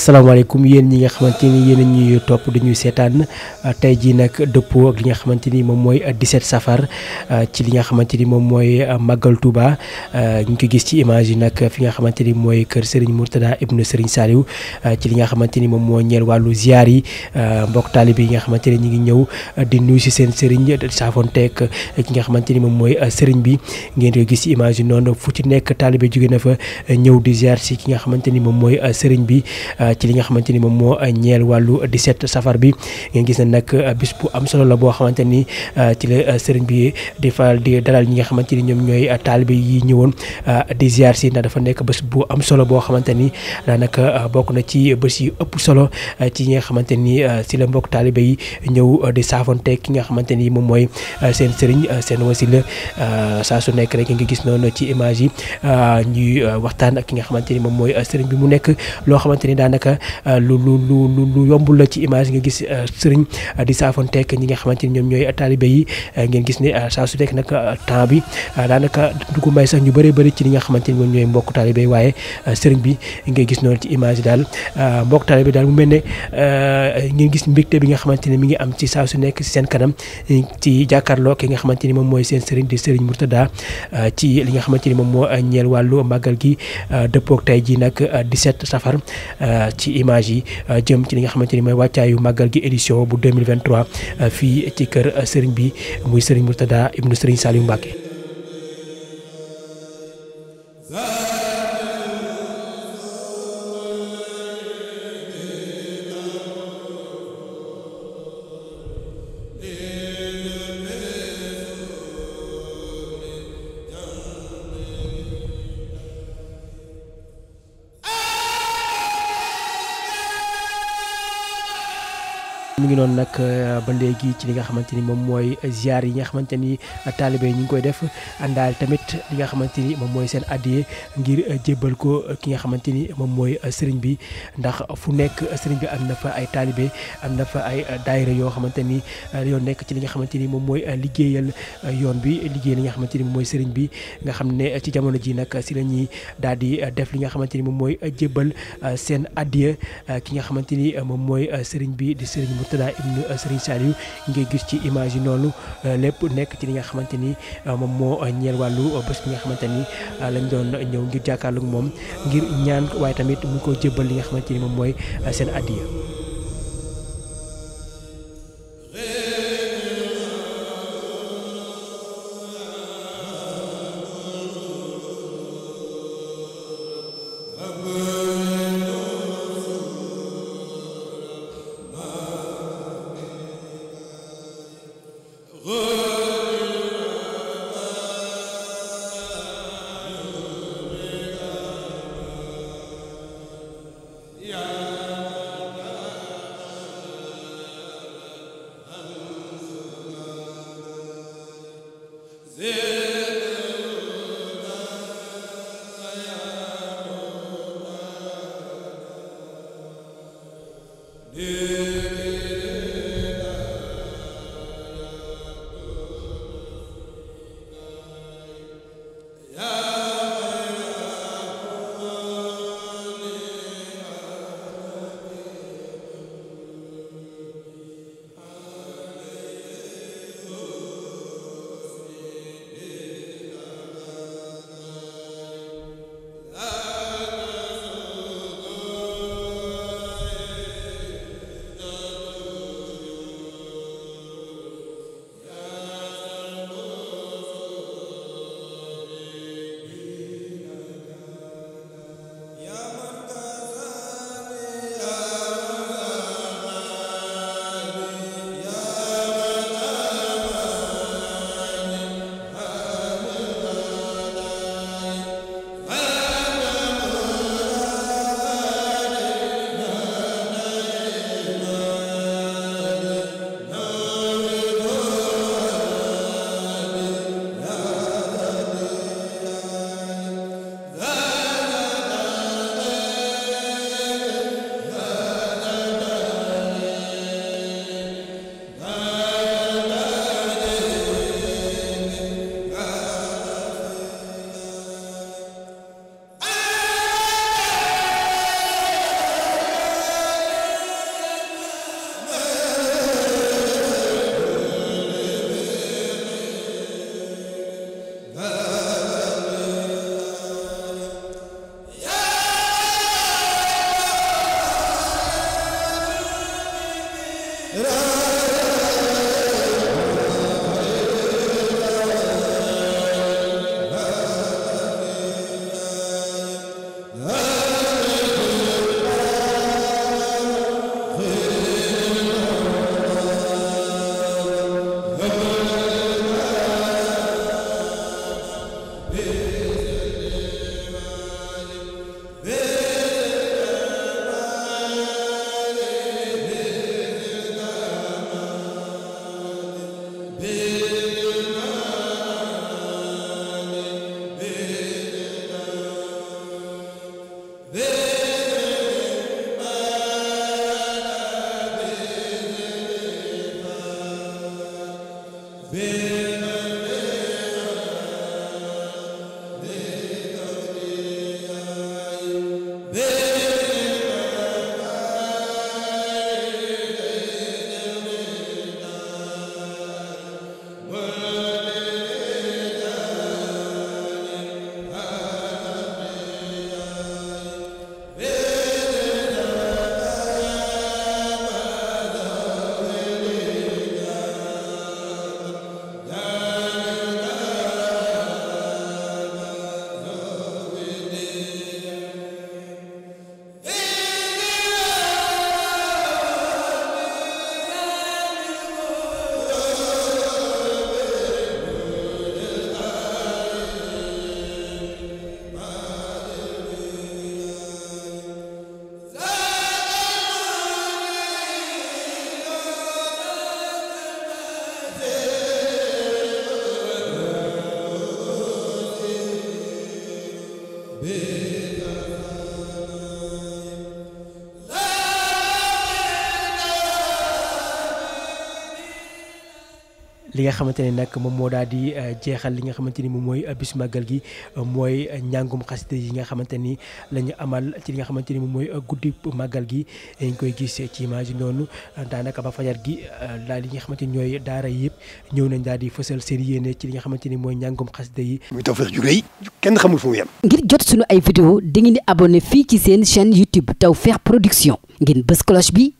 salaamaaleykum yéen ñi nga xamante ni yéen a ñuy topp dañuy seetaan euh, tey jii nag dëppoo ak li nga xamante ni moom mooy di 17 safar euh, ci li nga xamante ni moom mooy euh, màggal Touba ñu ko gis ci image yi nag fi nga xamante ni mooy kër Serigne Mourtada ibnu Serigne Saliou ci li nga xamante ni moom moo ñeel wàllu ziar yi mbokk taalibe yi nga xamante ni ñu ngi ñëw di nuyu si seen Serigne saafonteeg ki nga xamante ni moom mooy Serigne bi ngeen ko gis ci image yi noonu fu ci nekk taalibe jóge na fa ñëw di ziar si ki nga xamante ni moom mooy Serigne bi. ci li nga xamante ni moom moo ñeel wàllu 17 safar bi ngeen gis ne nag bis bu am solo la boo xamante ni euh, ci la euh, sëriñ bi di faral di dalal ñi nga xamante ni ñoom ñooy taalibe yi ñëwoon euh, di ziar si ndax dafa nekk bés bu am solo boo xamante ni daanaka bokk na ci bés yu ëpp solo ci nga xamante ni si la mbokk taalibe yi ñëw di saafonte ki nga xamante ni moom mooy seen sëriñ seen wasila saa su nekk rek nga gis noonu ci image yi ñuy waxtaan ak ki bi mu nekk loo xamante ni daanaka euh, lu lu lu lu yombul la ci image nga gis euh, sëriñ euh, di saafonteek ñi nga xamante ni ñoom ñooy taalibe yi ngeen gis ne saa su nekk nag temps bi daanaka du ko sax ñu bëree bëri ci li nga xamante ni moom ñooy mbokk taalibe yi waaye sëriñ bi ngay gis noonu ci image daal mbokk taalibe daal mu mel ne ngeen gis mbégte bi nga xamante ne mi ngi am ci saa su nekk ci seen kanam ci jàkkaarloo ki nga xamante ni moom mooy seen sëriñ di sëriñ Mourtada ci li nga xamante ni moom moo ñeel wàllu màggal gi dëppook tey ji nag di set safar ci image yi euh, jëm ci li nga xamante ni mooy wàccaayu màggal gi édition bu 2023 euh, fii ci kër euh, sëriñ bi muy sëriñ Mourtada ibnu sëriñ Saliou Mbacke mu ngi noonu nag euh, ba léegi ci li nga xamante ni moom mooy ziar yi nga xamante ni taalibe ñu ngi koy def àndaal tamit li nga xamante ni moom mooy seen addiye ngir euh, jébbal ko ki nga xamante ni moom mooy euh, sëriñ bi ndax fu nekk sëriñ bi am na ay taalibe am na ay daayira yoo xamante ni yoo nekk ci li nga xamante ni moom mooy liggéeyal yoon bi liggéey li nga xamante ni moom mooy sëriñ bi nga xam ne ci jamono ji nag si ñuy daal di def li nga xamante ni moom mooy jébbal seen addiye ki nga xamante ni moom mooy sëriñ bi di sëriñ Murtada ibnu euh, Serigne Saliou ngay gis ci image yi noonu euh, lépp nekk ci li nga xamante ni euh, moom moo ñeel wàllu bés bi nga xamante ni lañ doon ñëw ngir jàkkaarloog moom ngir ñaan waaye tamit mu ko jébbal li nga xamante ni moom mooy seen addiya be li nga xamante ne nag moom moo daal di euh, jeexal li nga xamante ni moom mooy euh, bis màggal gi euh, mooy njàngum xasida yi nga xamante ni la amal li nga xamante ni moom mooy guddi màggal gi dañ koy gis ci image noonu daanaka ba fajar gi daal li nga xamante ni ñooy daara yëpp ñëw nañ daal di fësal seen yéene ci li nga xamante ni mooy njàngum xasida yi. muy Tawfekh ju rëy kenn xamul fu mu ngir jot sunu ay vidéo dangeen di abonné fii ci seen chaîne YouTube Tawfekh Production ngeen bës cloche bi.